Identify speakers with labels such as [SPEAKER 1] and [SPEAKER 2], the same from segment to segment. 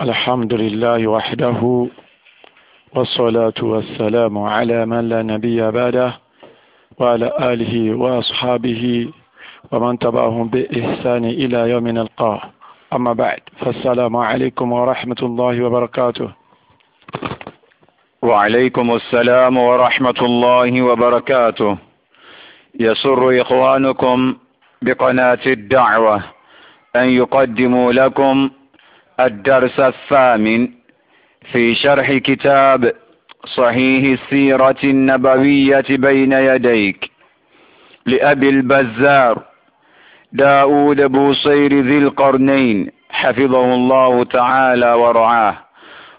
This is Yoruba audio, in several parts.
[SPEAKER 1] الحمد لله وحده والصلاة والسلام على من لا نبي بعده وعلى آله وأصحابه ومن تبعهم بإحسان إلى يوم نلقاه أما بعد فالسلام عليكم ورحمة الله وبركاته
[SPEAKER 2] وعليكم السلام ورحمة الله وبركاته يسر إخوانكم بقناة الدعوة أن يقدموا لكم الدرس الثامن في شرح كتاب صحيح السيرة النبوية بين يديك لأبي البزار داود بوصير ذي القرنين حفظه الله تعالى ورعاه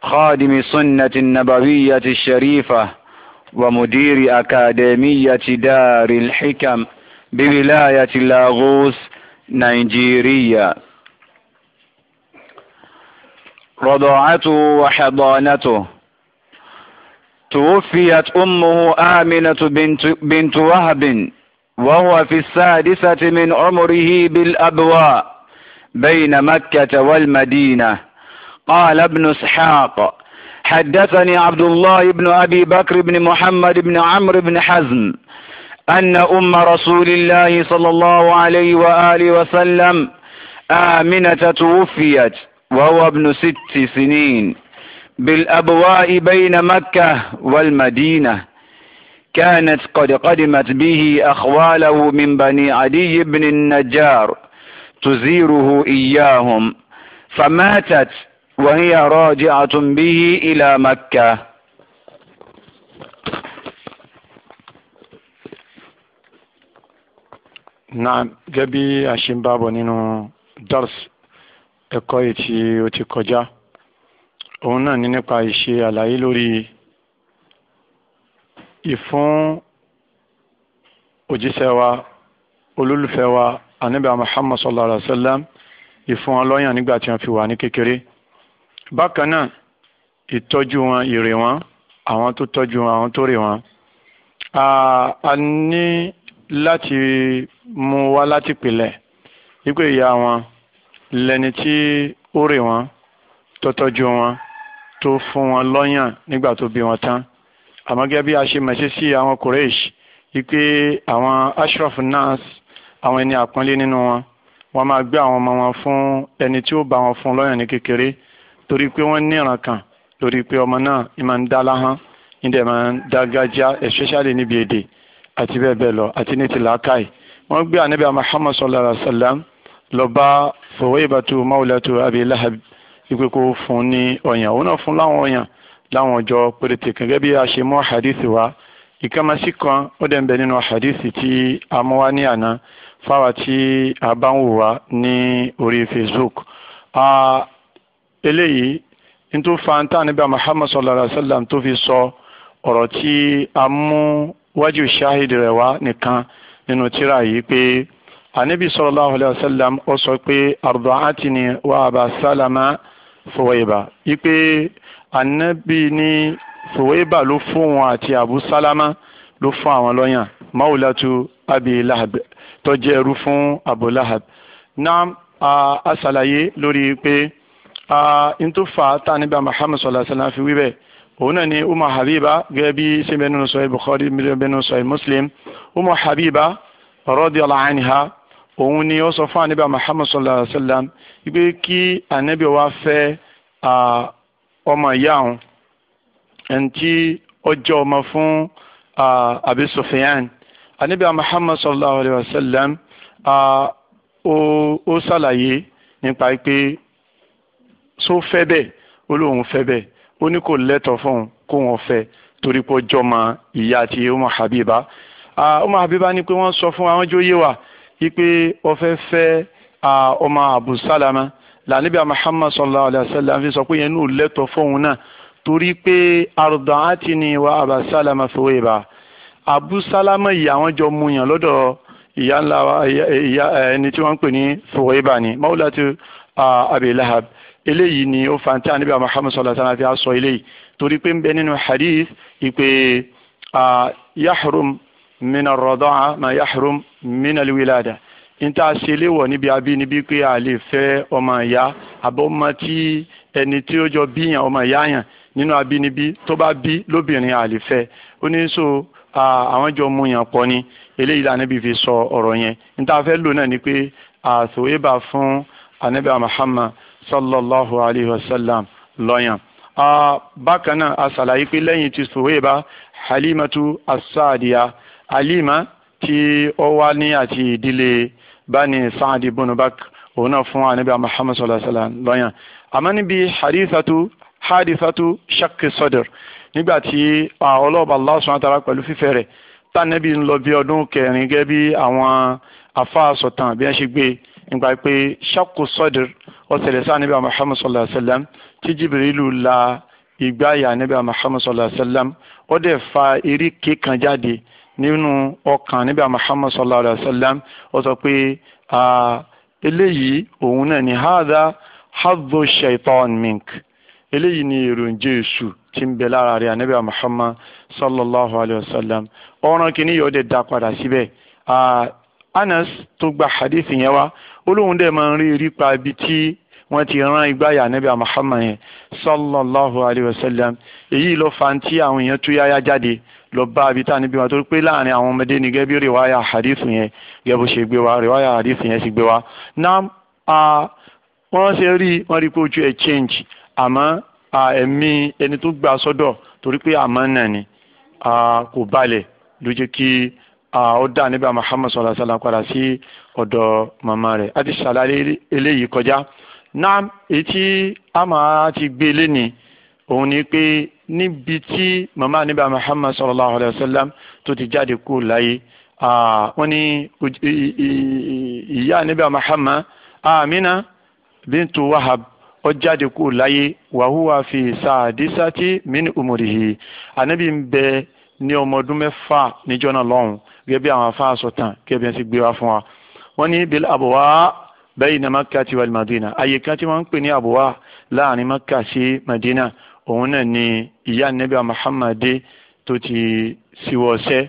[SPEAKER 2] خادم سنة النبوية الشريفة ومدير أكاديمية دار الحكم بولاية لاغوس نيجيريا رضاعته وحضانته توفيت أمه آمنة بنت, بنت وهب وهو في السادسة من عمره بالأبواء بين مكة والمدينة قال ابن اسحاق حدثني عبد الله بن أبي بكر بن محمد بن عمرو بن حزم أن أم رسول الله صلى الله عليه وآله وسلم آمنة توفيت وهو ابن ست سنين بالأبواء بين مكة والمدينة كانت قد قدمت به أخواله من بني عدي بن النجار تزيره إياهم فماتت وهي راجعة به إلى مكة
[SPEAKER 1] نعم جبي عشان بابا نينو درس ẹ̀kọ́ yìí tí ó ti kọjá òun náà ní nípa ìṣe àlàyé lórí ìfún òjíṣẹ́ wa olólùfẹ́ wa anábìá Muhammad sallallahu alayhi wa sallam ìfún wọn lọ́yàn nígbà tí wọ́n fi wà ní kékeré bákan náà ìtọ́jú wọn ìrè wọn àwọn tó tọ́jú wọn àwọn tó rè wọn a ní láti mú wá láti pìlẹ̀ wípé ìyá wọn lẹni tí ó rè wọ́n tó tọ́jú wọn tó fún wọn lọ́yàn nígbà tó bí wọn tán àmọ́ gẹ́gẹ́ bí a ṣe mẹ̀sí sí àwọn Quraysh wípé àwọn ashraf nas àwọn ẹni àpọ́nlé nínú wọn wọ́n máa gbé àwọn ọmọ wọn fún ẹni tí ó bá wọn fún lọ́yàn ní kékeré torí pé wọ́n ní ìran kan lórí pé ọmọ náà ń máa ń dá láhán ń dẹ̀ máa ń dá gájá especially níbi èdè àti bẹ́ẹ̀ bẹ́ẹ̀ lọ àti ní ti làákàyè wọ́n gbé ànábì Muhammad sallallahu alaihi wa sallam lọ bá Suwaybatu mawlatu Abi Lahab ipe kó fún ní ọyàn òun náà fún láwọn ọyàn láwọn ọjọ́ péréte kan gẹ́gẹ́ bí a ṣe mú àhàdìsì wá ìkàmásí kan ó dẹ̀ ń bẹ nínú àhàdìsì tí a mú wá ní àná fáwa tí a bá ń wò wá ní orí Facebook eléyìí n tó fa ntá níbi Muhammad sallallahu alayhi wa sallam tó fi sọ ọ̀rọ̀ tí a mú wájú ṣáhìdì rẹ̀ wá nìkan nínú tírà yìí pé anabi sallallahu alayhi wa sallam ó sọ pé ardu'atini wa aba salama foweba ipe anabi ni foweba ló fún wọn àti abu salama ló fún àwọn lọ́yàn maulatu abi lahab tó jẹ́ ẹrú fún abu lahab náà a ṣàlàyé lórí pé n tó fà á tá níbi muhammad sallallahu alayhi wa sallam fi wí bẹ́ẹ̀ òun náà ni umar habiba gẹ́gẹ́ bí sẹ́bẹ̀ẹ́nu sọ bukhari bẹ́ẹ̀nu sọ muslim umar habiba radiyallahu anha òun ni ó sọ fún anabi muhammad sallallahu alaihi wa sallam wípé kí anabi wa fẹ́ ọmọ ìyá òun ẹni tí ó jẹ́ ọmọ fún abi sofiyan anabi muhammad sallallahu alaihi wa sallam ó ṣàlàyé nípa pé só fẹ́ bẹ́ẹ̀ ó lóun fẹ́ bẹ́ẹ̀ ó ní kò lẹ́tọ̀ọ́ fún kó wọn fẹ́ torí pé ó jọmọ ìyá àti ọmọ habiba ọmọ habiba ni pé wọ́n sọ fún wa wọ́n jó wa wípé ó fẹ́ fẹ́ ọmọ Abu Salama lànàbíà Muhammad sallallahu alayhi wa sallam fi sọ pé yẹn ní ò lẹ́tọ̀ọ́ fóun náà torí pé arda'atini wa Aba Salama thuwayba Abu Salama yìí àwọn jọ mu yàn lọ́dọ̀ ìyá ńlá ìyá ẹni tí wọ́n ń pè ní thuwayba ni maulati Abi Lahab eléyìí ni ó fa tí Muhammad sallallahu alayhi wa sallam fi sọ eléyìí torí pé ń bẹ nínú hadith ìpè yahrum من الرضاعة ما يحرم من الولادة. al-wilada níta ṣe léwọ̀ níbi abínibí pé a lè fẹ́ ọmọ ìyá àbọ̀ ọmọ tí ẹni tí ó jọ bíyàn ọmọ ìyá yàn nínú abínibí tó bá bí lóbìnrin a lè fẹ́ ó ní so àwọn jọ mú yàn pọ̀ ni eléyìí la Ànábì fi sọ ọ̀rọ̀ yẹn níta fẹ́ lò náà ni pé àtòwébà fún Ànábì Muhammad sallallahu alayhi wa sallam lọ́yàn. bákan náà a ṣàlàyé pé lẹ́yìn ti sòwébà Halimatu as alima tí ó wá ní àti ìdílé bani saadi bunubak òun náà fún anabi muhammad sallallahu alaihi wa sallam lọ́yàn àmọ́ níbi hadithatu hadithatu shakki sodr nígbà tí ọlọ́ọ̀bà allah subhanahu wa ta'ala pẹ̀lú fífẹ́ rẹ̀ tánàbí ń lọ bí ọdún kẹrin gẹ́gẹ́ bí àwọn afáàsọ̀tàn bí wọ́n ṣe gbé nípa pé shakku sodr ó ṣẹlẹ̀ sí anabi muhammad sallallahu alaihi wa sallam tí la ìgbáyà anabi muhammad sallallahu alaihi wa ó dẹ̀ fa eré kékan jáde nínú ọkàn níbi Muhammad sallallahu alayhi wa sallam ó sọ pé eléyìí òun náà ni hadha hadhu shaitan mink eléyìí ni èròǹjẹ èṣù tí ń bẹ lára rẹ̀ níbi Muhammad sallallahu alayhi wa sallam ọ̀ràn kìíní yóò dé dá padà síbẹ̀ Anas tó gba hadith yẹn wá olóhùn dẹ̀ máa ń rí rí pa ibi tí wọ́n ti rán igbáyà níbi Muhammad yẹn sallallahu alayhi wa sallam èyí ló fa ti àwọn èèyàn tó yáyá jáde lọ bá ibi tá a níbi wọn torí pé láàrin àwọn ọmọdé ni gẹ́gẹ́ bí rìwáyà hadith yẹn gẹ́gẹ́ bó ṣe gbé wa rìwáyà hadith yẹn sì gbé wa náà wọ́n ṣe rí wọ́n rí pé ojú ẹ̀ change àmọ́ ẹ̀mí ẹni tó gbà sọ́dọ̀ torí pé àmọ́ náà ni kò balẹ̀ ló jẹ́ kí ó dà níbà Muhammad sallallahu alaihi wasallam padà sí ọ̀dọ̀ màmá rẹ̀ á ti ṣàlàyé eléyìí kọjá náà èyí tí a máa ti gbé lé ni òun ni pé níbi tí màmá níbà muhammad sallallahu alayhi wa sallam tó ti jáde kú láyé wọ́n ní ìyá níbà muhammad amina bintu wahab ó jáde kú láyé wàhùwà fi sàdísàtì min umurihi ànábì ń bẹ ní ọmọ ọdún mẹ́fà níjọ́ náà lọ́hùn gẹ́gẹ́ bí àwọn afáàsọ tán gẹ́gẹ́ bí wọ́n ti gbé wá fún wa wọ́n ní bil abuwa bayna makkati wal madina àyè kan tí wọ́n ń pè ní abuwa láàrin makka sí madina òun náà ni ìyá nẹ́bí muhammadu tó ti siwọ́ sẹ́.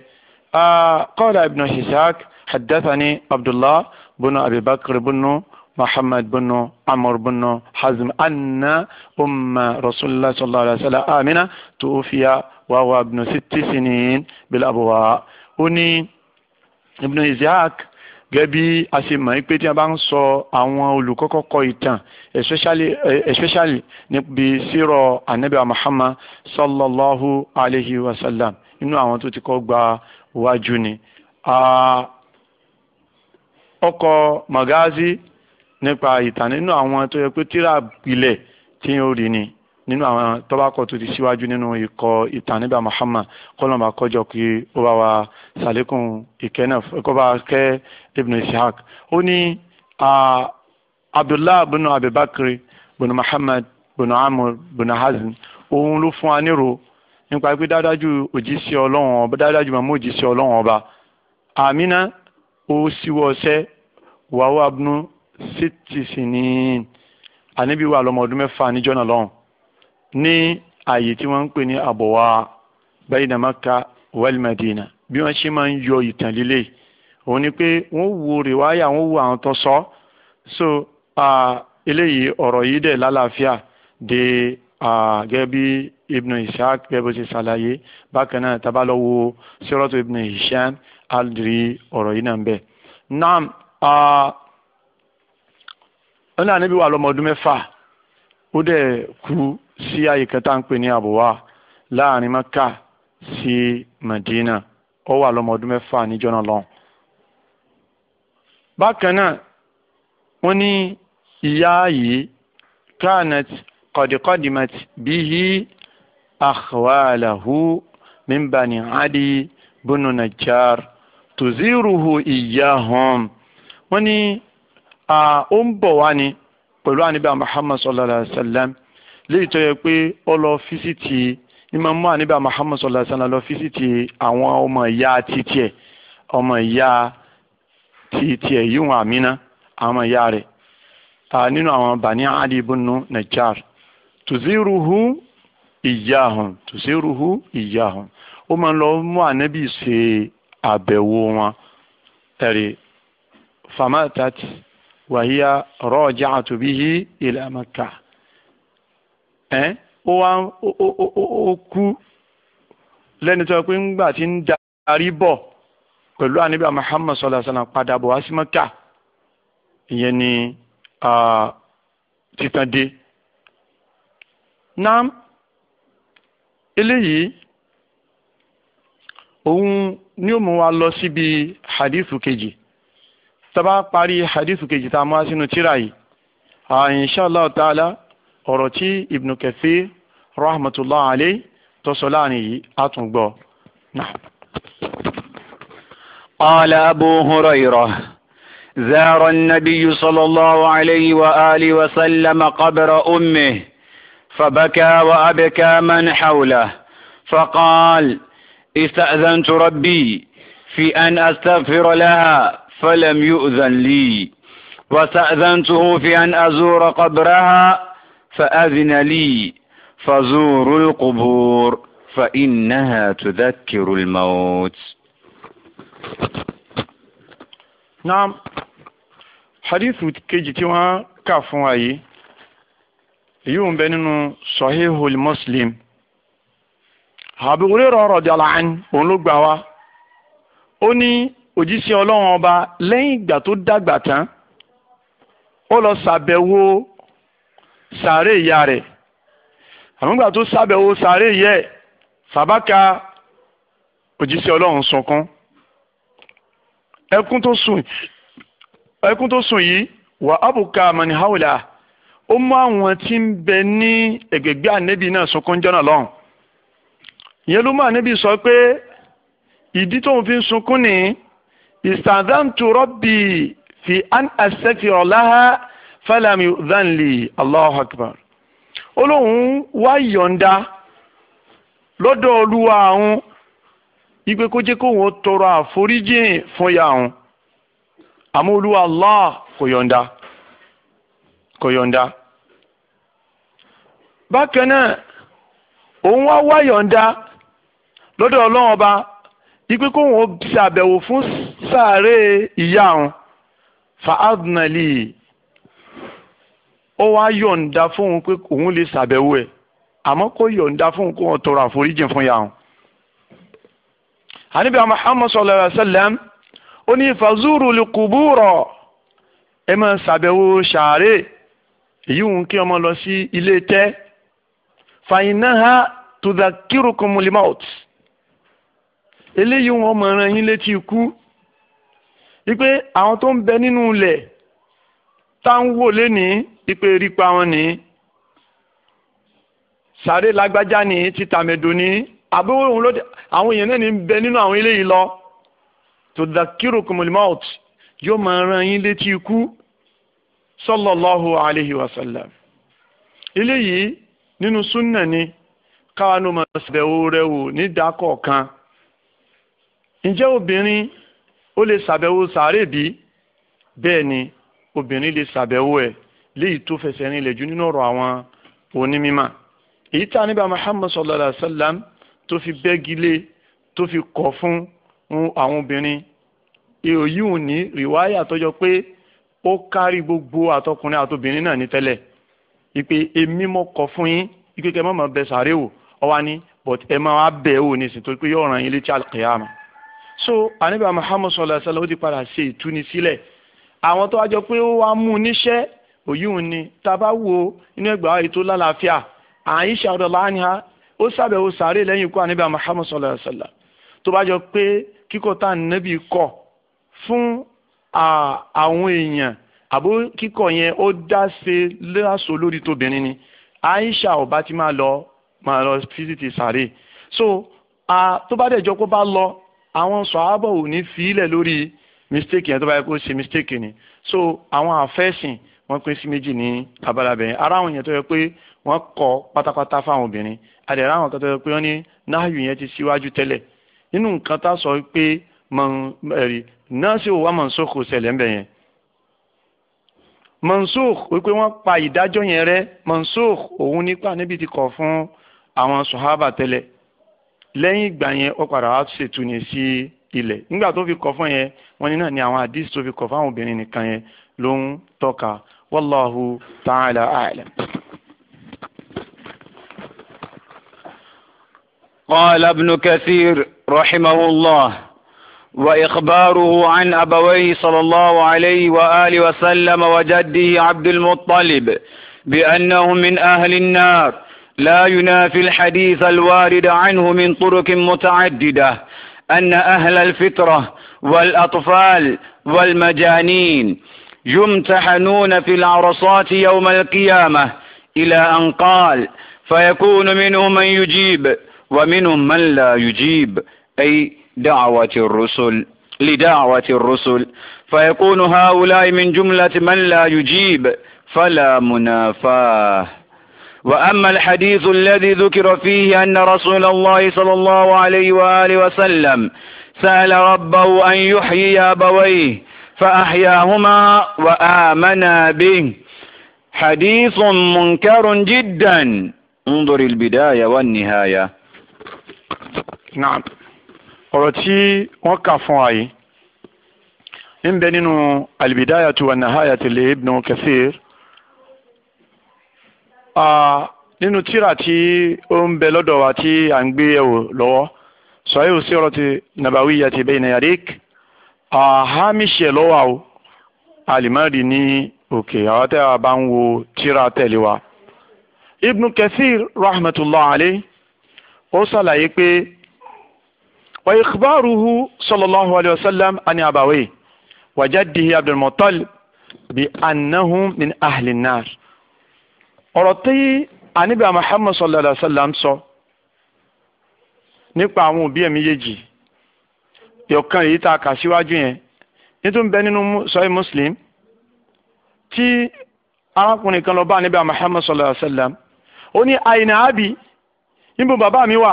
[SPEAKER 1] qala ibn ishaq haddathani abdullah bunu abibakar bunu muhammad bunu amr bunu hazm anna umma rasulillah sallallahu alaihi wa sallam amina tuufiya wa wa ibn sitti sinin bil abuwa. ó ní gẹ́gẹ́ bí a ṣe mọ̀ pé tí a bá ń sọ àwọn olùkọ́kọ́ ìtàn especially especially níbi sírọ̀ anabi muhammad sallallahu alayhi wa sallam inú àwọn tó ti kọ́ gba wájú ni. ọkọ̀ magazi nípa ìtàn nínú àwọn tó yẹ pé tíra ìpìlẹ̀ tí ó rí ni nínú àwọn tọ́bákọ̀ tó ti síwájú nínú ikọ̀ ìtàn nígbà Muhammad kọ́lọ́mà kọjọ kí ó bá wa sàlékún ìkẹ́ náà kó bá kẹ́ Ibn Ishaq ó ní Abdullah bin Abibakri bin Muhammad bin Amur, bin Hazin, òun ló fún wa nírò nípa pé dáadájú òjíṣẹ́ ọlọ́run ọba dáadájú màmú òjíṣẹ́ ọlọ́run ọba Amina ó síwọ́ ọsẹ́ wàá wà bínú sítìsì ní àníbi wà lọ́mọ ọdún mẹ́fà níjọ́ náà ní ààyè tí wọ́n ń pè ní àbọ̀wá bayna Makka wal Madina bí wọ́n ṣe máa ń yọ ìtàn líle òun ni pé wọ́n wo rìwáyà wọ́n wo àwọn tó sọ so eléyìí ọ̀rọ̀ yìí dẹ̀ lálàáfíà de gẹ́gẹ́ bí ibnu ishaq gẹ́gẹ́ bó ṣe ṣàlàyé bákan náà tá a bá lọ wo siratu ibnu hisham aldiri ọ̀rọ̀ yìí náà ń bẹ. naam ọ̀nà àníbi wà lọ́mọ ọdún mẹ́fà ó dẹ̀ kú sí àyè kan tá à ń pè ní àbúwá láàrin maka sí madina ó wà lọ́mọ ọdún mẹ́fà níjọ́ náà lọ́hùn. bákan náà wọ́n ní ìyá yìí kanat qadqadimat bihi akhwalahu min bani adi bunu najjar tuziruhu iyahum wọ́n ní ó ń bọ̀ wá ní pẹ̀lú àníbà muhammad sallallahu alayhi wa sallam léyìí tó yẹ pé ó lọ físítì ìmáàmù àníbà Muhammad sallallahu alaihi wasallam lọ físítì àwọn ọmọ ìyá títí ẹ̀ ọmọ ìyá títí ẹ̀ yíwọ̀n Àmínà àwọn ìyá rẹ̀ nínú àwọn Bani Ali ibn Najjar tùzíruhu ìyáhùn tùsíruhu ìyáhùn ó máa ń lọ mú ànábì ṣe àbẹ̀wò wọn ẹ̀rì famatat wàhíyá rọ́ọ̀jà àtúbíyí ila Makkah ẹ́ ó wá ó kú lẹ́ni tó yẹ pé ńgbà tí ń darí bọ̀ pẹ̀lú àníbà sallallahu alaihi wasallam padà bọ̀ wá sí Mẹ́kà ìyẹn ni titan dé. náà eléyìí òun ni ó mú wa lọ síbi hadith kejì tá bá parí hadith kejì tá a mú wá sínú yìí inshallah ta'ala. ọ̀rọ̀tí tí Ibn Kathir rahmatullah alayhi tọ́sọ àtúngbọ́.
[SPEAKER 2] قال أبو هريرة زار النبي صلى الله عليه وآله وسلم قبر أمه فبكى وأبكى من حوله فقال استأذنت ربي في أن أستغفر لها فلم يؤذن لي واستأذنته في أن أزور قبرها فأذن لي فزوروا القبور فإنها تذكر الموت
[SPEAKER 1] نعم حديث kejì tí wọ́n kà fún wa yìí èyí ń bẹ nínú sahihul muslim Abu Hurairah radiyallahu anhu òun ló gbà wá ó ní òjíṣẹ́ ọlọ́run ọba lẹ́yìn ìgbà tó dàgbà tán ó lọ ṣàbẹ̀wò sàárè ìyá rẹ̀ àmúgbà tó sábẹ̀wò sàárè yẹ sàbákà òjíṣẹ́ ọlọ́run sunkún ẹkún tó sùn ẹkún tó sùn yìí wà ábùkà mọ̀nìháwìlà ó mú àwọn tí ń bẹ ní ẹ̀gbẹ̀gbẹ́ ànẹ́bí náà sọkún jọ́nà lọ́hùn ìyẹn sọ pé ìdí tóun fi ń sunkún ní ìsàdántù fi án fẹlẹmi zanli Allahu Akbar olóhùn wá yọ̀ǹda lọ́dọ̀ olúwa àwọn ipe kó jẹ́ tọrọ àforíjìn fún ya àwọn àmọ́ olúwa Allah kò yọ̀ǹda òun wá wá yọ̀ǹda lọ́dọ̀ ọlọ́run ọba ipe ṣàbẹ̀wò fún sàárè ìyá àwọn fa ó wá yọ̀ǹda fún un pé òun lè ṣàbẹ̀wò ẹ̀ àmọ́ kó yọ̀ǹda fún un kó wọn tọrọ àforíjìn fún yàrá. àníbi Muhammad sallallahu alaihi ó ní fazuru li kubura ẹ máa ṣàbẹ̀wò ṣàárè èyí ń kí ọmọ lọ sí ilé tẹ́ fàyínáhà tudhakirukum limaut eléyìí wọn máa rán yín létí ikú wípé àwọn tó ń bẹ nínú ilẹ̀ tá wò lénìí ipe rípa wọn ní sàré lágbájá ní títàmẹ̀dò ní àbúrò òun ló dé àwọn èèyàn náà ní bẹ nínú àwọn eléyìí lọ tó dàkírò kùmùlmọ́ọ̀t yóò máa ran yín létí ikú sallallahu alayhi wa sallam eléyìí nínú súnà ni káwọn ọmọ ṣẹ̀wò rẹ̀ wò ní dákọ̀ọ̀kan ǹjẹ́ obìnrin ó lè ṣàbẹ̀wò sàré bí bẹ́ẹ̀ ni obìnrin lè ṣàbẹ̀wò ẹ̀ léyìí tó fẹsẹ̀ rinlẹ̀ jù nínú ọ̀rọ̀ àwọn onímọ̀ èyí tá níbà Muhammad sallallahu alayhi wa sallam tó fi bẹ́gilé tó fi kọ̀ fún àwọn obìnrin èrò yìí ò ní rìwáyà tọjọ pé ó kárí gbogbo àtọkùnrin àtobìnrin náà ní tẹ́lẹ̀ ìpè èmi mọ̀ kọ̀ fún yín ìpè kẹ́ mọ̀ mọ̀ bẹ sàárè wò ọwá ní but ẹ máa bẹ̀ ọ́ nísìn tó pé yóò ràn yín létí alkiyama so àníbà Muhammad sallallahu alayhi wa sallam ó ti padà ṣe ìtúnisílẹ̀ àwọn tó wá pé ó wá mú níṣẹ́ òyìnbó ni tábà wo inú ẹgbàá yìí tó lálàáfíà àyíṣà ọ̀dọ̀lá àníhà ó ṣàbẹ̀wò sàárè lẹ́yìn ikú àníbà Muhammad sallallahu alaihi wasallam tó bá jọ pé kíkọ́ tá ànábì kọ̀ fún àwọn èèyàn àbó kíkọ̀ yẹn ó dá ṣe láṣọ lórí tóbìnrin ni àyíṣà ọba ti máa lọ máa lọ fíṣítì sàárè so tó bá dẹ̀ jọ kó bá lọ àwọn sọ̀hábọ̀ ò ní fi ilẹ̀ lórí mistake yẹn tó bá yẹ kó ṣe mistake ni so àwọn àfẹ́sìn wọ́n pín sí méjì ní abala bẹ̀yẹn ara àwọn èèyàn tó yẹ pé wọ́n kọ̀ pátápátá fáwọn obìnrin àdẹ̀rẹ̀ àwọn kan tó yẹ pé wọ́n ní náàyù yẹn ti síwájú tẹ́lẹ̀ nínú nǹkan tá a sọ pé ẹ̀rí nọ́ọ̀sì wa mọ̀nsókò ṣẹlẹ̀ yẹn mọ̀nsókò wípé wọ́n pa ìdájọ́ yẹn rẹ́ mọ̀nsókò òun nípa níbi ti kọ̀ fún àwọn sọ̀hábà tẹ́lẹ̀ lẹ́yìn ìgbà yẹn ó padà wá ṣètú ni sí ilẹ̀ nígbà tó fi kọ̀ fún yẹn wọ́n ní náà ni àwọn àdìs tó fi kọ̀ fún àwọn obìnrin nìkan yẹn ló ń tọ́ka والله تعالى أعلم
[SPEAKER 2] قال ابن كثير رحمه الله وإخباره عن أبويه صلى الله عليه وآله وسلم وجده عبد المطلب بأنهم من أهل النار لا ينافي الحديث الوارد عنه من طرق متعددة أن أهل الفطرة والأطفال والمجانين يمتحنون في العرصات يوم القيامة إلى أن قال فيكون منهم من يجيب ومنهم من لا يجيب أي دعوة الرسل لدعوة الرسل فيكون هؤلاء من جملة من لا يجيب فلا منافاه وأما الحديث الذي ذكر فيه أن رسول الله صلى الله عليه وآله وسلم سأل ربه أن يحيي أبويه فأحياهما وآمنا به حديث منكر جدا انظر البداية والنهاية نعم ọ̀rọ̀ tí wọ́n kà fún wa yìí ń bẹ
[SPEAKER 1] nínú albidayatu wa nahayatu li ibnu kathir nínú tíra tí ó ń bẹ lọ́dọ̀ wa tí à ń gbé yẹ̀wò lọ́wọ́ sọ yóò sí ọ̀rọ̀ ti nabawiyati bayna yadik àhámìṣẹ́ lọ́wọ́ o alimari ní òkè àwọn tẹ́ a bá ń wo tíra tẹ̀lé wa. ibn kathir rahmatullah alayhi ó ṣàlàyé pé wa ikhbaruhu sallallahu alayhi wa sallam ani abawe wa jaddihi abdulmuttalib bi annahum min ahli an tí anibi muhammad sallallahu alayhi wa sallam sọ nípa àwọn òbí ẹ̀ méjèèjì. So yọ̀kan èyí tá a kà síwájú yẹn nítorí bẹ nínú sọ́yìn muslim tí arákùnrin kan lọ bá níbi Muhammad sallallahu alaihi wasallam ó ní àyìnà àbí níbo bàbá mi wà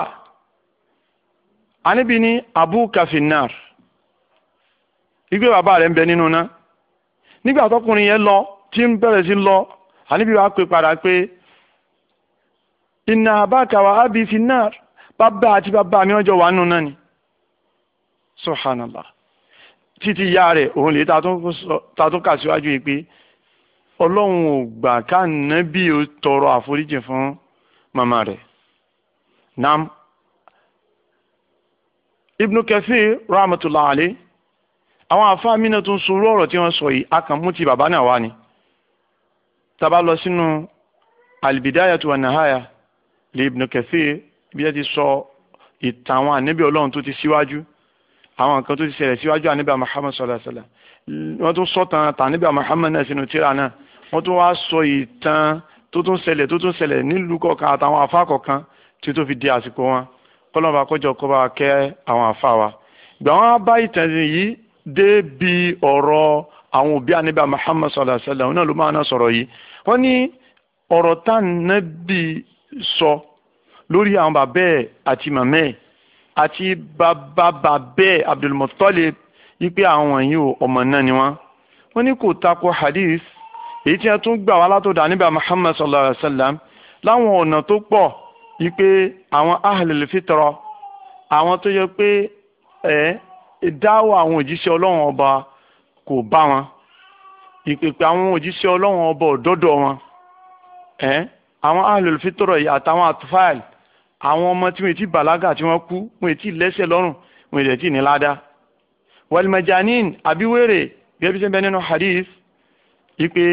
[SPEAKER 1] àníbi ní abu kafinar igbe bàbá rẹ̀ ń bẹ nínú náà nígbà tọkùnrin yẹn lọ tí ń bẹ̀rẹ̀ sí lọ àníbi wàá pè padà pé ìnà àbákàwà àbí finar bàbá àti bàbá mi ọjọ́ wà nù náà ni subhanallah títí ìyá rẹ̀ òun lè ta tó kà síwájú yìí pé ọlọ́run ò gbà kánábì ó tọrọ àforíjì fún màmá rẹ̀ nam ibnu kathir rahmatulah alayhi àwọn àfáàmì náà tó ń sunrú ọ̀rọ̀ tí wọ́n sọ yìí akànmú bàbá náà wá ni tá lọ sínú albidaya tó wà nahaya lè ibnu kathir bí ẹ ti sọ ìtàn àwọn ànábì ọlọ́run tó ti síwájú. Si àwọn nǹkan tó ti ṣẹlẹ̀ síwájú ànábì Muhammad sallallahu alaihi wasallam wọ́n tún sọ tán tànábì Muhammad náà sínú tírà náà wọ́n tún wá sọ ìtàn tó tún ṣẹlẹ̀ tó tún ṣẹlẹ̀ nílùú kọ̀ọ̀kan àtàwọn àfa kọ̀ọ̀kan tí tó fi di àsìkò wọn kọ́lọ́mọba kọjọ kó bá kẹ́ àwọn àfa wa gbà wọ́n bá ìtàn yìí dé bi ọ̀rọ̀ àwọn òbí ànábì Muhammad sallallahu alaihi wasallam náà ló máa ná sọ̀rọ̀ yìí wọ́n ní ọ̀rọ̀ tá ànábì sọ lórí àwọn bàbá ẹ̀ àti màmá ẹ̀ àti bàbá bàbẹ́ Abdulmuttalib wípé àwọn wọ̀nyí ò ọmọ náà ni wọ́n. wọ́n ní kò tako hadith èyí tí wọ́n tún gbà wá látọ̀dọ̀ níbà Muhammad sallallahu alayhi wa sallam láwọn ọ̀nà tó pọ̀ wípé àwọn ahlul fitra àwọn tó yẹ pé ẹ dáwọ́ àwọn òjíṣẹ́ ọlọ́run ọba kò bá wọn ìpèpè àwọn òjíṣẹ́ ọlọ́run ọba ò wọn ẹ àwọn ahlul fitra yìí àtàwọn àtúfáàlì àwọn ọmọ tí wọ́n ti bàlágà tí wọ́n kú wọ́n ti lẹ́sẹ̀ lọ́rùn wọ́n ti ní ládàá wàlìmọ̀jánín àbíwèrè gẹ́gẹ́ sẹ́ńbẹ́ nínú hadith ipe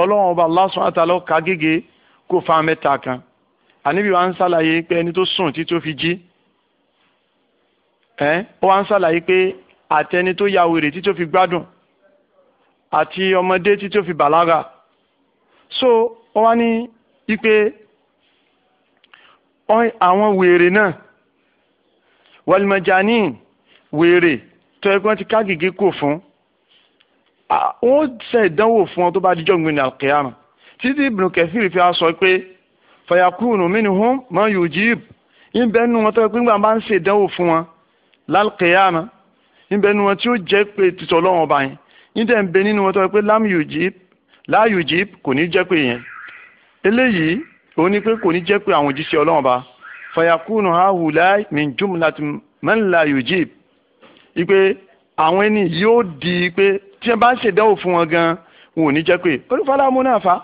[SPEAKER 1] ọlọ́run ọba Allah subhanahu wa ta'ala ká gègé kó fa mẹ́ta kan àníbi wa ń ṣàlàyé pé ẹni tó sùn títí ó fi jí ẹ ó wa ń ṣàlàyé pé àtẹni tó ya wèrè títí ó fi gbádùn àti ọmọdé títí ó fi bàlágà so ó wá ní ipe àwọn wèrè náà wàlìmọ̀jánì wèrè tó yẹ kí wọ́n ti ká gègé kò fún wọ́n ṣe ìdánwò fún ọ tó bá díjọ́ gbìn alqiyama títí ibùdó kẹfìrì fi sọ pé fayakunu minhum man yujib ìbẹ́ nu wọn tó yẹ pé nígbà bá ń ṣe ìdánwò fún wọn lálqiyama ìbẹ́ nu wọn tí ó jẹ́ pé títọ́ lọ́wọ́ ọba yẹn ìdẹ́ ń nínú wọn tó yẹ pé lam yujib la yujib kò ní jẹ́ pé yẹn eléyìí òun ni pé kò ní jẹ́ pé àwọn òjíṣẹ́ ọlọ́run ba fayakunu hahulai min jumlati man yujib ipe àwọn ẹni yóò di pé tí wọ́n bá ń ṣèdánwò fún wọn gan wọn ò ní jẹ́ pé pẹ̀lú fálámù náà fa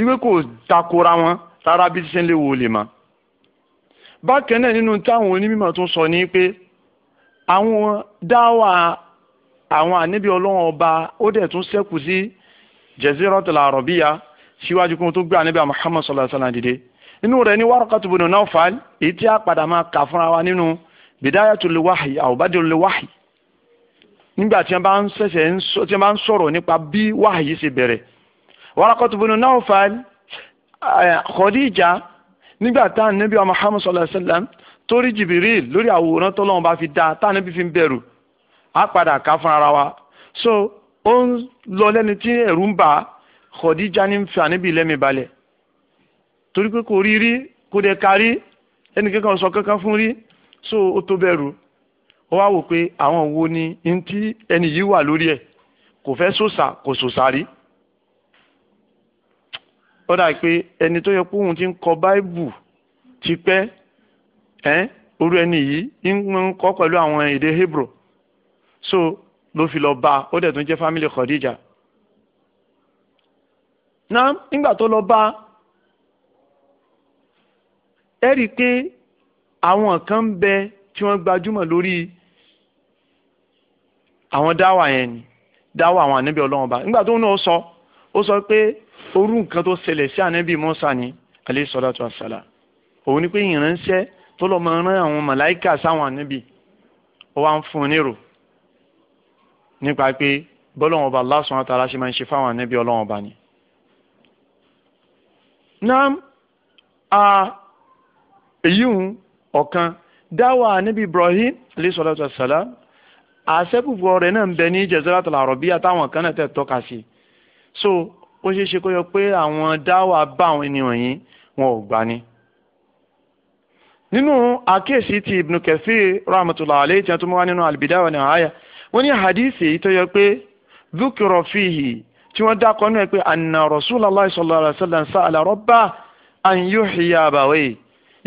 [SPEAKER 1] ipe kò takora wọn rárá bí ṣe ń lè wò lè mọ́ bákan náà nínú táwọn onímọ̀ tún sọ ní pé àwọn dáwà àwọn àníbi ọlọ́run ọba ó dẹ̀ tún ṣẹ́kù sí jẹ̀sírọ́tìlá àrọ̀bíyà síwájú kí wọn tó gbé ànábì Muhammad sallallahu alaihi wasallam dìde inú rẹ̀ ní Waraqatu bun Nawfal èyí tí a padà máa kà fúnra wa nínú Bidayatul Wahyi aw Badrul Wahyi nígbà tí wọn bá ń ṣẹ̀ṣẹ̀ tí wọn bá ń sọ̀rọ̀ nípa bí wahyi ṣe bẹ̀rẹ̀ Waraqatu bun Nawfal eh, Khadija nígbà tá ànábì Muhammad sallallahu alaihi wasallam torí Jibril lórí àwòrán tọ́lọ́wọ́n bá fi dá tá fi ń bẹ̀rù á padà kà fúnra wa so ó ń lọ lẹ́ni tí ẹ̀rù ń bà Khadija ní fi àníbì lẹ́mi balẹ̀ torí pé kò rí rí kò dẹ̀ kárí ẹnì kankan sọ kankan fún rí so ó tó bẹ̀rù ó wá wò pé àwọn wo ni ntí ẹni yìí wà lórí ẹ̀ kò fẹ́ sòsà kò sòsà rí ó dà pé ẹni tó yẹ kóhun ti ń kọ báìbù tipẹ́ ẹ́ orú ẹni yìí ń kọ́ pẹ̀lú àwọn èdè Hebrew so ló fi lọ bá ó dẹ̀ tún jẹ́ fámìlì Khadija náà nígbà tó lọ bá ẹ rí i pé àwọn kan ń bẹ tí wọ́n gbajúmọ̀ lórí àwọn dáwà yẹn ni dáwà àwọn ànábì ọlọ́run ọba nígbà tó ń náà sọ ó sọ pé orú nǹkan tó ṣẹlẹ̀ sí ànábì Mùsá ni alayhi salatu wassalam òun ni pé ìránṣẹ́ tó lọ́ọ́ máa rán àwọn màláìkà sáwọn ànábì ó wá ń fún un nírò nípa pé bọ́lọ́run ọba Allah subhanahu ṣe máa ń ṣe fáwọn ànábì ọlọ́run ọba ni naam a èyí ń ọ̀kan dáwà níbi ibrahim alayhi salatu wassalam àṣẹ́pùpọ̀ rẹ̀ náà ń bẹ ní jaziratul arabia táwọn kan náà tẹ̀ tọ́ka sí so ó ṣeé ṣe kó yọ pé àwọn dáwà bá àwọn ènìyàn yìí wọn ò gbà ni nínú àkíyèsí ti ibnu kathir rahmatulah alayhi tí wọn tún mú wá nínú albidaya wa nihaya wọn ní hadisi tó yẹ pé dhukira fihi tí wọ́n dákọ̀ nínú ẹ̀ pé anna rasulallah sallallahu alayhi wa sallam sa'ala rabba an yuhya abawayhi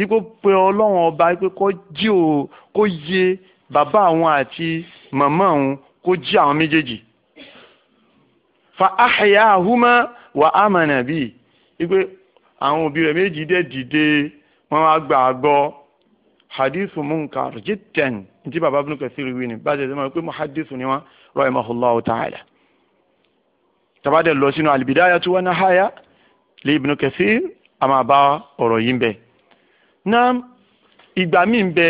[SPEAKER 1] ipò pé ọlọ́run ọba pé kó jí o kó yé bàbá àwọn àti màmá òun kó jí àwọn méjèèjì fa ahyahuma wa amana bi ipe àwọn òbí rẹ̀ méjì dẹ̀ dìde wọ́n wá gbà á gbọ́ hadithu munkar jitten tí bàbá Ibn Kathir wí ni bá a ṣe ma pé muhadithu ni wọ́n rahimahullahu ta'ala tabadẹ lọ sínú alibidaya tu wà ní haya lè Ibn Kathir a máa bá ọ̀rọ̀ yìí bẹ̀. náà ìgbà míì ń bẹ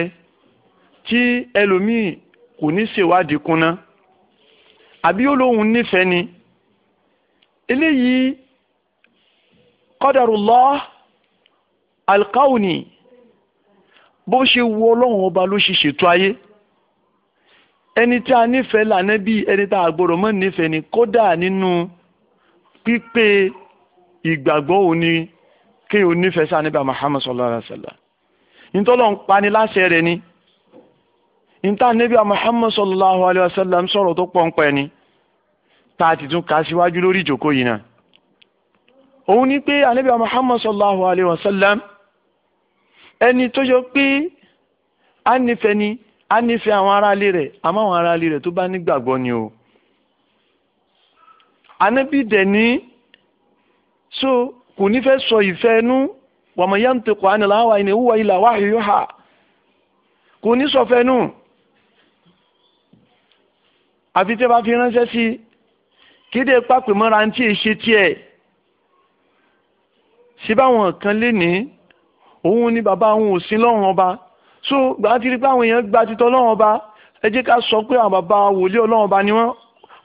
[SPEAKER 1] tí kò ní ṣèwádìí kúnná àbí olóhùn nífẹ̀ẹ́ ni eléyìí qadarullah alkauni bó ṣe wu ọlọ́run ọba ló ṣe ṣètò ayé ẹni tí a nífẹ̀ẹ́ lànà bí ẹni tá a gbọ́dọ̀ mọ́ nífẹ̀ẹ́ ni kódà nínú. No pípé ìgbàgbọ́ òun ni kí o nífẹ̀ẹ́ sáà Muhammad sallallahu alayhi wa sallam ntọ́lọ́ ń pani láṣẹ rẹ̀ ni nta níbà Muhammad sallallahu alaihi wa sallam sọ̀rọ̀ tó pọ̀ ń pẹ́ ni tá a ti tún kà síwájú lórí ìjókòó yìí náà òun ni pé anábìà Muhammad sallallahu alaihi wa sallam ẹni tó yọ pé á nífẹ̀ẹ́ ni á nífẹ̀ẹ́ àwọn aráalé rẹ̀ àmọ́ àwọn aráalé rẹ̀ tó bá nígbàgbọ́ ni o anabi dani, so kò ní fẹ́ sọ ìfẹ́ ẹnu wàmọ̀ yá ń tẹ kọ́ àná làwọn àyìnbó wà ilà wà áyọ̀ hà kò ní sọ fẹ́ nù àfi tẹ́ bá fi ránṣẹ́ sí kéde pápẹ́ mọ́ra ń tí ì ṣe kan lé ní òun ni bàbá òun ò sí lọ́rùn ọba so gbàá ti rí pé àwọn èèyàn gba titọ́ lọ́rùn ọba ẹ jẹ́ ká sọ pé àwọn bàbá wòlíì ọlọ́run ọba ni wọ́n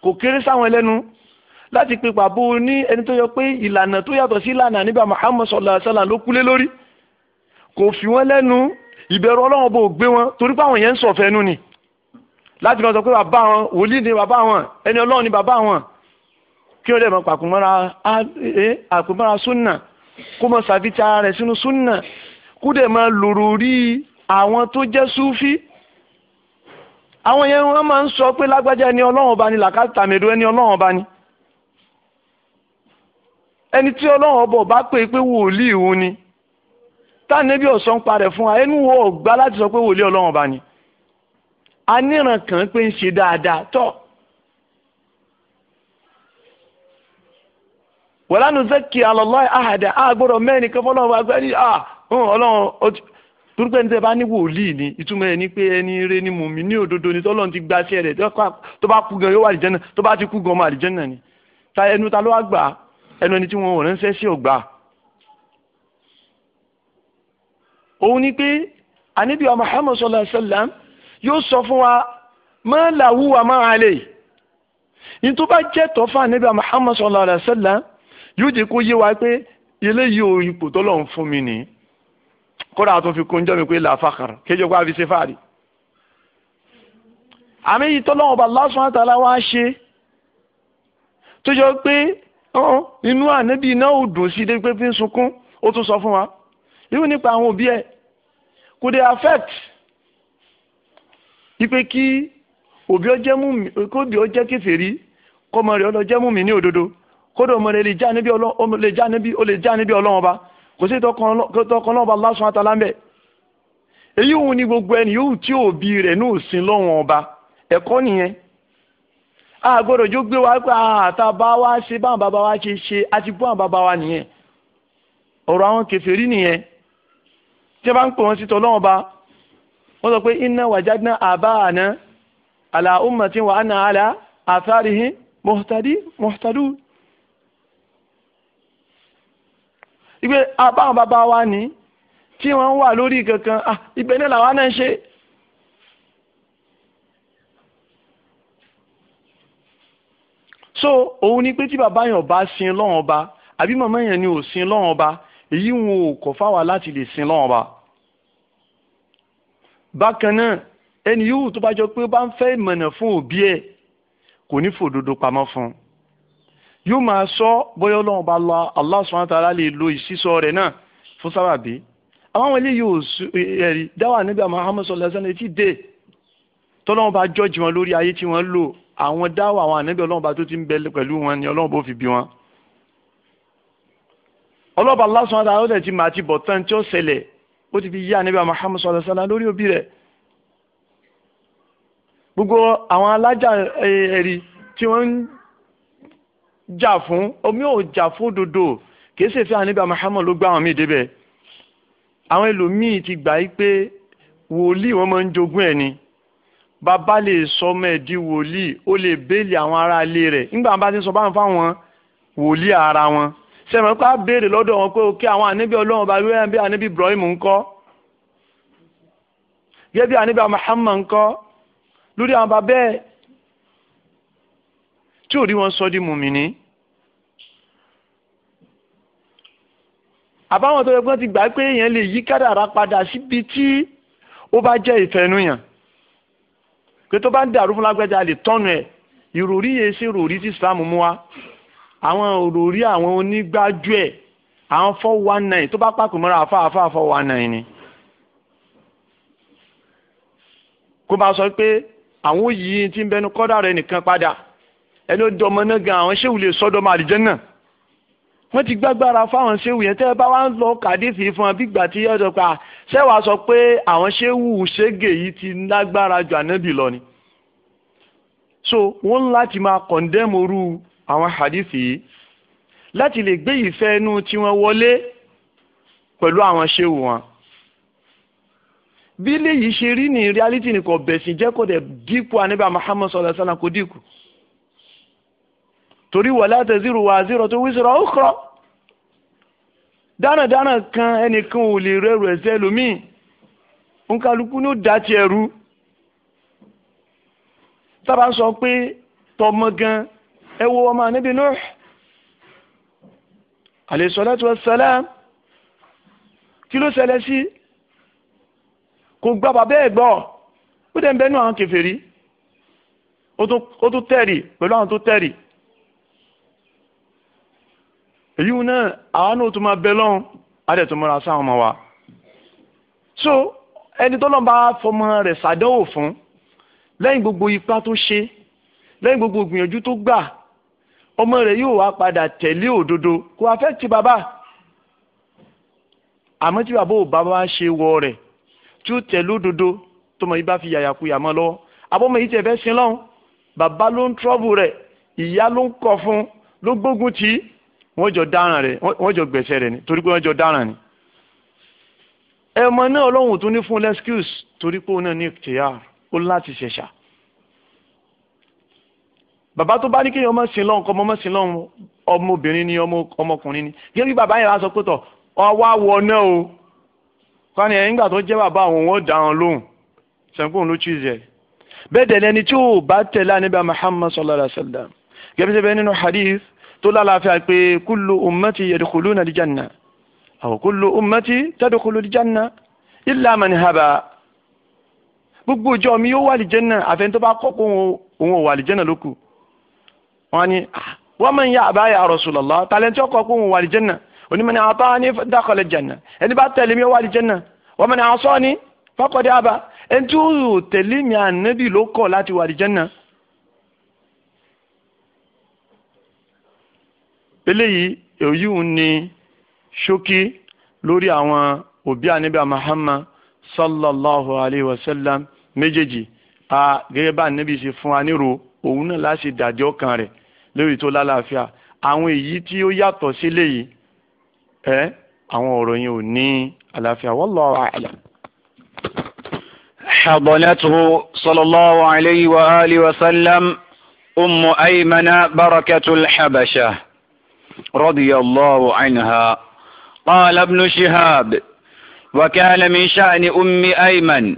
[SPEAKER 1] kò kéré sáwọn ẹlẹ́nu láti pe pàbó ní ẹni tó yọ pé ìlànà tó yàtọ̀ sí ìlànà níbà Muhammad sallallahu alaihi wasallam ló kúlé lórí kò fi wọ́n lẹ́nu ìbẹ̀rù Ọlọ́run bò gbé wọn torí pé àwọn yẹn ń sọ̀fẹ́ nù ni láti máa sọ pé bàbá wọn wòlíì ni bàbá wọn ẹni Ọlọ́run ni bàbá wọn kí wọ́n lè máa pàkùnmọ́ra àpèmọ́ra súnà kó máa ṣàfihàn ara rẹ̀ sínú súnà kó dẹ̀ máa lòrò rí àwọn tó jẹ́ súfí àwọn yẹn wọ́n máa ń sọ pé lágbájá ẹni Ọlọ́run ọba ni làkàtàmẹ́dọ́ ẹni Ọlọ́run ọba ni. ẹni tí ọlọ́run ọba ọba pé pé wòlíì òun ni tánẹ́bí ọ̀sán rẹ̀ fún wa ẹnu wo ọ̀gbá láti sọ pé wòlíì ọlọ́run ọba ni aníran kan pé ń ṣe dáadáa tọ́ wọ́n lánàá zẹ́kì àhàdà àgbọ̀dọ̀ mẹ́rin kan fọlọ́run ọba ní à ọlọ́run torí pé bá ní wòlíì ni ìtumọ̀ pé ẹni ni ní ni tọ́lọ́run ẹnu ẹni tí wọn ò ránṣẹ́ sí ọgbà òun ni pé anabi wa muhammad sallallahu alaihi wa sallam yóò sọ fún wa máa làwù wa máa lè ní bá jẹ́ tọ́ fún anabi wa muhammad sallallahu alaihi wa sallam yóò jẹ́ kó yé wa pé eléyìí ò ipò tó lọ́n fún mi nìyí kódà tó fi kúnjọ́ mi pé la fakar kéjọ kó a fi ṣe fàárì. àmì yìí tọ́lọ́wọ́n bá Allah wa ṣe tó jọ pé inú ànábì náà ò dùn sí débi pé fi ń sunkún ó tún sọ fún wa irú nípa àwọn òbí ẹ kò dé affect ipe kí òbí ó jẹ́ mú kó òbí ó jẹ́ kèfèrí kọ́mọ rẹ̀ ó lọ jẹ́ mú mi ní òdodo kódò ọmọ rẹ̀ lè já níbi ọlọ́run ọba kò sí tọkàn náà ọba lásán àtàlà ń èyí òun ni gbogbo ẹni yóò tí òbí rẹ̀ ní òsín lọ́wọ́n ọba ẹ̀kọ́ nìyẹn àgbọ̀dọ̀ jó gbé wa pé àtàbá ah, wa ṣe báwọn bàbá wa ṣe ṣe a ti bọ́ àwọn bàbá wa nìyẹn ọ̀rọ̀ àwọn kèfèrí nìyẹn tí a bá ń pè wọ́n sí tọ́lọ́wọ́n ba wọ́n sọ pé inna wajadna aba'ana ala ummatin wa anna ala atharihim muhtadi muhtadu. ìgbé àbáwọn bàbá wa ní tí wọ́n wà lórí kankan ah, ibẹ̀ náà làwọn náà ń ṣe. so òun ni pé tí bàbá yẹn bá sin lọ́wọ́n ọba àbí màmá yẹn ni ò sin lọ́wọ́n ọba èyí wọn ò kọ̀ fáwa láti lè sin lọ́wọ́n ọba. bákan náà ẹni yòówù tó bá jọ pé bá ń fẹ́ ìmọ̀nà fún òbí ẹ̀ kò ní fòdodo pamọ́ fún un yóò máa sọ bóyá ọlọ́run bá la Allah subhanahu wa ta'ala lè lo ìsísọ rẹ̀ náà fún sábàbí àwọn eléyìí ò ẹ̀rí dáwà níbi àwọn Muhammad sallallahu alaihi wasallam dé tọ́lọ́run bá jọ́ọ̀jì wọn lórí ayé tí wọ́n lò àwọn dáwọ́ àwọn ànábì ọlọ́run bá tó ti ń bẹ pẹ̀lú wọn ni ọlọ́run bó fi bí wọn. ọlọ́ba lásán àtàwọn ọ̀sẹ̀ ti máa ti bọ̀ tán tí ó ṣẹlẹ̀ ó ti fi yí ànábì Muhammad sallallahu alaihi wasallam lórí òbí rẹ̀. gbogbo àwọn alájà e, ẹ̀rí tí wọ́n ń jà fún omi ò jà fún òdodo kì í ṣèfẹ́ ànábì Muhammad ló gbá àwọn míì débẹ̀. àwọn ẹlòmíì ti gbà yí pé wòlíì wọn máa ń jogún ẹ̀ ni bàbá lè sọmọ ẹ̀ di wòlíì ó lè béèlì àwọn ará ilé rẹ̀ nígbà bá ti sọ báwọn fáwọn wòlíì ara wọn sẹ́mi pa béèrè lọ́dọ̀ wọn pé òkè àwọn àníbí ọlọ́run bá wíwá bí àníbí Ibrahim ńkọ́ gẹ́gẹ́ bí àníbí Muhammad ńkọ́ lórí àwọn bàbá ẹ̀ tí ò rí wọn sọ di mùmìnì. àbáwọn tó yẹ kó ti gbà pé èèyàn lè yí kádàrá padà síbi tí ó bá jẹ́ ìfẹ́nuyàn pé tó bá ń dàrú fún lágbájá a lè tọ́nu ẹ̀ ìròrí yẹn ṣe ròrí tí islam mú wa àwọn òròrí àwọn onígbájú ẹ̀ àwọn four one nine tó bá pàpè mọ́ra àfa àfa four one nine ni. kó bá sọ pé àwọn òyì tí ń bẹnu kọ́dà rẹ nìkan padà ẹni ó di ọmọ náà gan àwọn ṣéwù lè sọ́dọ̀ máa dìjẹ́ náà wọ́n ti gbàgbára fáwọn ṣéwù yẹn tẹ́ ẹ bá wá ń lọ kàdéfì fún wọn bí gbà tí ọ̀dọ̀ pa ṣé wàá sọ pé àwọn ṣéwù ṣégè yìí ti lágbára ju ànábì lọ ni so wọ́n láti máa kọ̀ndẹ́mù orú àwọn hadith yìí láti lè gbé ìfẹ́ inú tiwọn wọlé pẹ̀lú àwọn ṣéwù wọn bí léyìí ṣe rí ní reality ni kò bẹ̀sìn jẹ́ kò dẹ̀ dínkù ànábì Muhammad sallallahu alaihi wasallam kò dínkù torí wala taziru wa ziratu wizra ukhra dáradára kan ẹnìkan ò lè rẹrù ẹsẹ̀ lómìn nkálukú ló dá tiẹ̀ rú sábà sọ pé tọmọ gan ẹ wo ọmọ ànábì Nuh alayhi salatu wassalam kí ló ṣẹlẹ̀ sí kò gba bàbá ẹ̀ gbọ́ ó dẹ̀ ń bẹ́nu àwọn kèfèrí ó tún tẹ̀rì pẹ̀lú àwọn tó tẹ̀rì èyí wọn náà àwọn náà tún máa bẹ lọ́hùn adẹ̀ tó múra sáwọn ọmọ wa. so ẹni tó lọ́n bá fọmọ rẹ̀ ṣàdánwò fún lẹ́yìn gbogbo ipá tó ṣe lẹ́yìn gbogbo gbìyànjú tó gbà ọmọ rẹ̀ yóò wá padà tẹ̀lé òdodo kó wá fẹ́ ti bàbá àmọ́ tí bàbá ò bàbá ṣe wọ rẹ̀ tí ó tẹ̀lé òdodo tó mọ̀ yìí bá fi yàyàkuyà mọ́ lọ́wọ́ àbọ̀mọ̀ yìí tẹ̀ fẹ́ sin lọ́hùn bàbá ló ń trọ́bù rẹ̀ ìyá ló ń kọ̀ fún ló gbógun tì í wọ́n jọ dáràn rẹ̀ wọ́n jọ gbẹ̀sẹ̀ rẹ̀ ni torí pé wọ́n jọ dáràn ni. ẹ̀mọ náà ọlọ́run tún ní fún lẹ́skíùs torí pé òun náà ní ìtìyà ó láti ṣẹ̀ṣà. bàbá tó bá ní kéèyàn ọmọ sin lọ́hùn ọmọ sin lọ́hùn ọmọbìnrin ni ọmọkùnrin ni gẹ́gẹ́ bí bàbá yẹn wá sọ pé tọ̀ ọwọ́ àwọ̀ náà o kọ́ni ẹ̀yìn gbà tó jẹ́ bàbá àwọn wọn dà lóhùn sẹ́ńkùn ló chíìsì ẹ̀ bẹ́ẹ̀ dẹ̀ lẹni tí ò bá tẹ̀lé Muhammad sallallahu alayhi wa sallam gẹ́gẹ́ bí sẹ́bẹ̀ nínú tó lálàáfíà pé kullu ummati yadkhuluna al-janna aw kullu ummati tadkhulu al-janna illa man haba gbogbo ìjọ mi yóò wà lí janna àfẹn tó bá kọ̀ kó òun ò wà lí janna lókù wọn ni ah, wa man ya'ba ya Rasulullah tàlẹ́ntì ọkọ̀ kó òun wà lí janna onímọ̀ ni ata'ani dakhala al-janna ẹni bá tẹ̀lé mi ó wà lí janna wa man asani faqad aba ẹni tí tẹ̀lé mi ànábì ló láti wà lí janna eléyìí èyí ń ní ṣókí lórí àwọn òbí ànábì Muhammad sallallahu alayhi wa sallam méjèèjì a gẹ́gẹ́ bá ànábì ṣe fún wa nírò òun náà láṣẹ dàjọ́ kan rẹ̀ lórí tó lálàáfíà àwọn èyí tí ó yàtọ̀ sí léyìí ẹ
[SPEAKER 2] àwọn ọ̀rọ̀ yẹn ò ní àlàáfíà wallahu a'lam. حضنته صلى الله عليه وآله وسلم أم أيمن بركة الحبشة رضي الله عنها قال ابن شهاب وكان من شأن أم أيمن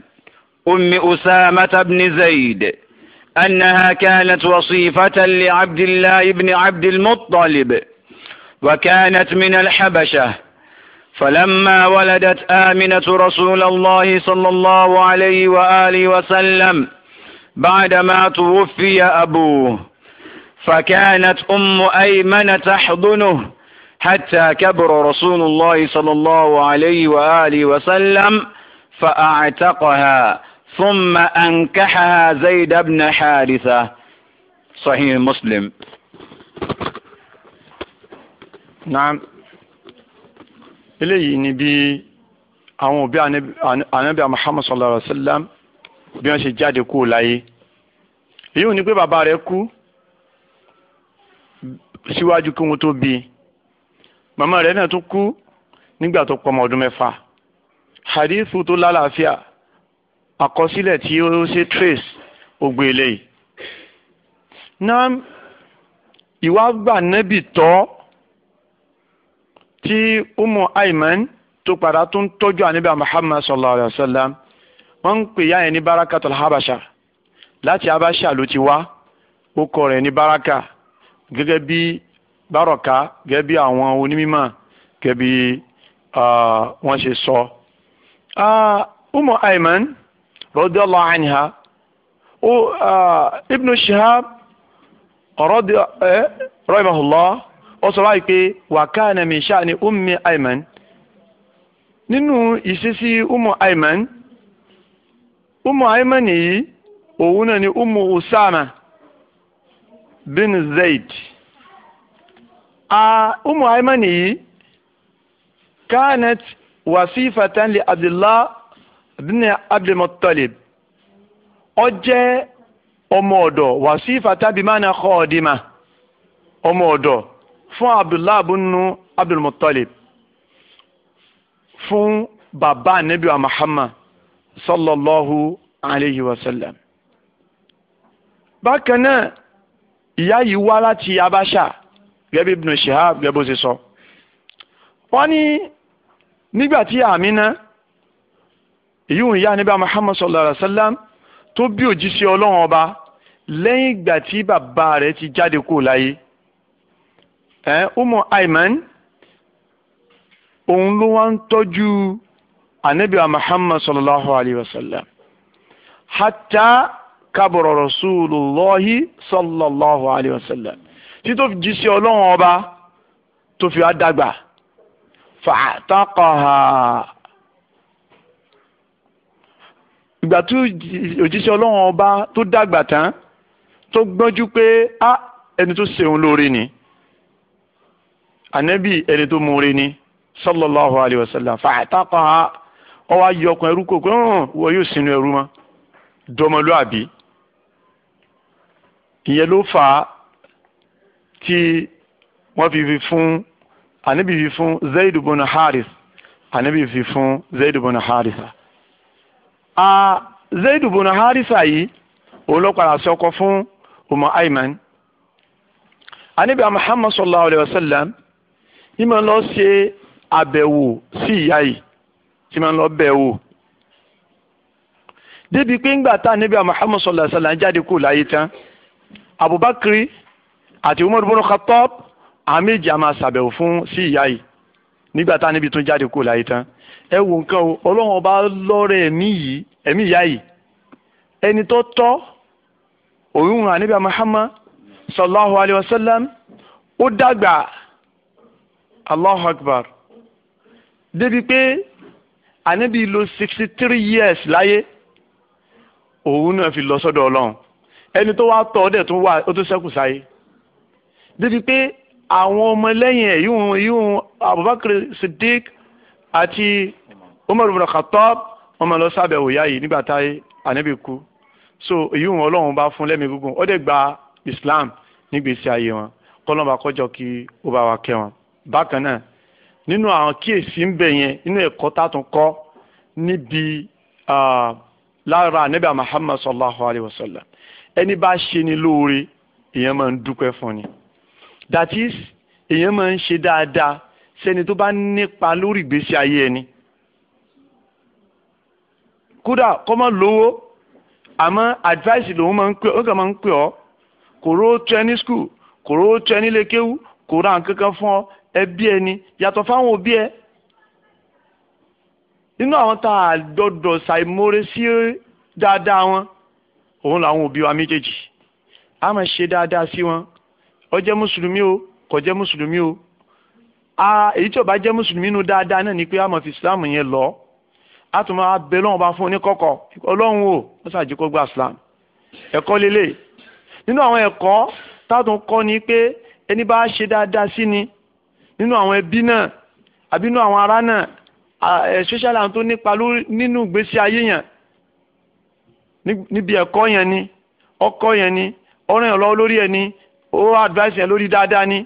[SPEAKER 2] أم أسامة بن زيد أنها كانت وصيفة لعبد الله بن عبد المطلب وكانت من الحبشة فلما ولدت آمنة رسول الله صلى الله عليه وآله وسلم بعدما توفي أبوه فكانت أم أيمن تحضنه حتى كبر رسول الله صلى الله عليه وآله وسلم فأعتقها ثم أنكحها زيد بن حارثة صحيح مسلم نعم
[SPEAKER 1] eléyìí ni bí àwọn òbí anabi muhammad sallallahu alaihi wa sallam bí wọn ṣe jáde kúrò láyé èyí ò ní pé bàbá rẹ̀ kú síwájú kí wọ́n tó bí i màmá rẹ̀ náà tún kú nígbà tó pọmọ ọdún mẹ́fà hadithu tó lálàáfíà àkọsílẹ̀ tí ó ṣe trace ògbé eléyìí náà ìwà gbà nẹ́bì tọ́ tí umu aiman tó padà tó ń tọ́jú àníbà muhammad sallallahu alaihi wa sallam wọ́n ń pè yáyẹn ní barakatul habasha láti habasha ló ti wá ó kọ rẹ̀ ní baraka gẹ́gẹ́ bí bárọ̀ká gẹ́gẹ́ bí àwọn onímọ̀ gẹ́gẹ́ bí wọ́n ṣe sọ. Umu Ayman radiyallahu anha Ibn Shihab rahimahullah ó sọ báyìí pé wa kana min ni Ummi aiman. nínú ìṣesí Umu aiman, Umu aiman yìí òun náà ni Umu Usama bin zaid a umu aiman yìí kanat wasifatan li abdullah bin abdulmuttalib ó jẹ́ ọmọ ọ̀dọ̀ wasifatan bi mana khodima ọmọ ọ̀dọ̀ fún abdullah bunu abdulmuttalib fún bàbá anabi wa muhammad sallallahu alayhi wa bákan náà ìyá yìí wá láti Abasha gẹ́bí Ibn Shihab gẹ́bó ṣe sọ wọ́n ní nígbà tí Amina èyí ń yá níbà Muhammad sallallahu alayhi wa sallam tó bí òjíṣẹ́ Ọlọ́run ọba lẹ́yìn ìgbà tí bàbá rẹ̀ ti jáde kó láyé ẹ̀ Umu Ayman òun ló wá ń tọ́jú anabiwa Muhammad sallallahu alayhi wa sallam hatta kábọ̀rọ̀ rasulullahi sallallahu alayhi wa sallam tí tó fi jíṣẹ́ ọlọ́run ọba tó fi adágbà fàtàkàhà ìgbà tó òjíṣẹ́ ọlọ́run ọba tó dàgbà tán tó gbọ́njú pé a ẹni tó ṣeun lóore ni ànábì ẹni tó mú oore ni sallallahu alayhi wa ọwọ́ ayọkùn ẹrú kò pé wọ́n yóò sinú ẹrú mọ́ dọmọlúàbí ìyẹn ló fà á tí wọ́n fi fi fún ànábì fi fún zaid ibn haris ànábì fi fún zaid ibn harisa. a zaid ibn harisa yìí òun ló padà sọkọ fún ọmọ ayman ànábì muhammad sallallahu alayhi wa sallam yìí máa ń lọ ṣe àbẹ̀wò sí ìyá yìí tí máa ń lọ bẹ̀ wò. débi pé ńgbà tá ànábì muhammad sallallahu alayhi wa sallam jáde kú láyé tán abubakar àti umar ibn khattab àwọn méjì a máa ṣàbẹ̀wò fún sí ìyá yìí nígbà tá níbi tún jáde kúrò láyé tán ẹ wo nǹkan o ọlọ́run ọba lọ́rẹ̀ ẹ̀mí yìí ẹ̀mí ìyá yìí ẹni tó tọ́ òun hàn níbi Muhammad sallahu alayhi wa sallam ó dàgbà Allahu akbar débi pé ànábì lo sixty three years láyé òun náà fi lọ sọ́dọ̀ ọlọ́run ẹni tó wá tọ̀ ọ́ dẹ̀ tún wà ó tún ṣẹ́kù sáyé débi pé àwọn ọmọlẹ́yìn ẹ̀ yíwọ̀n yíwọ̀n Abubakar Siddiq àti Umar ibn Khattab wọ́n lọ sábẹ̀wò ìyá yìí nígbà táyé ànábì kú so yíwọ̀n ọlọ́run bá fún lẹ́mìí gígùn ó gba Islam nígbèsí ayé wọn kọ́lọ́mà kọjọ kí ó bá wa kẹ́ wọn bákan náà nínú àwọn kíyèsí ń bẹ̀ yẹn nínú ẹ̀kọ́ tátún kọ́ níbi lára ànábì Muhammad sallallahu alayhi wa sallam ẹni bá ṣe ni lóore èèyàn máa ń dúpẹ́ fún ni that is èèyàn máa ń ṣe dáadáa sẹ́ni tó bá nípa lórí ìgbésí ayé ẹni kódà kọ́mọ lówó àmọ́ advice lòun máa ń pè ọ́ máa ń pè ọ́ kò ró tó ẹ school kò ró tó ẹ nílé kò ra nǹkan fún ọ ẹbí ẹni yàtọ̀ fáwọn òbí ẹ nínú àwọn tá a gbọdọ̀ ṣàìmóore sí dáadáa wọn òun làwọn òbí wa méjèèjì a máa ṣe dáadáa sí wọn ó jẹ́ mùsùlùmí o kò jẹ́ mùsùlùmí o a èyí tí ó bá jẹ́ mùsùlùmí nu dáadáa náà ni pé a máa fi islam yẹn lọ a tún máa bẹ lọ́wọ́n bá fún oníkọ̀kọ̀ ọlọ́run o ó ṣàjẹ́ kó gba islam ẹ̀kọ́ lélẹ̀ nínú àwọn ẹ̀kọ́ táàtún kọ́ ni pé ẹni bá ṣe dáadáa sí ni nínú àwọn ẹbí náà àbí àwọn ará náà especially àwọn tó nípa nínú ìgbésí ayé yẹn níbi ẹ̀kọ́ yẹn ni ọkọ́ yẹn ni ọ̀ràn yẹn lọ́wọ́ lórí ẹ̀ ni ó advice yẹn lórí dáadáa ni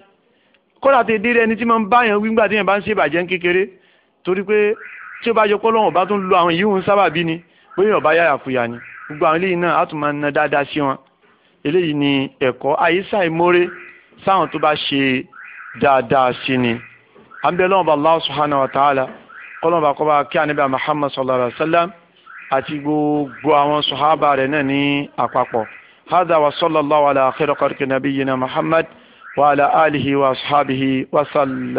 [SPEAKER 1] kódà tí dídé ẹni tí máa ń bá yẹn wí nígbà tí yẹn bá ń ṣe ìbàjẹ́ ń kékeré torí pé tí ó bá yọ pọ́lọ́wọ́n bá tún lo àwọn yìí ń sábà bí ni bóyá ọba yáyà fúya ni gbogbo àwọn eléyìí náà á tún máa na dáadáa sí wọn eléyìí ni ẹ̀kọ́ àyíṣà ìmórè sáwọn tó bá ṣe dáadáa sí ni àbẹ̀lọ́wọ́n bá Allah subhanahu wa ta'ala kọ́lọ́wọ́n bá kọ́ bá kí àníbà Muhammad sallallahu alaihi wa sallam àti gbogbo àwọn sọ̀hábà rẹ̀ náà ní àpapọ̀ hadha wa sallallahu ala akhir qarqi nabiyyina muhammad wa ala alihi wa ashabihi wa sallam.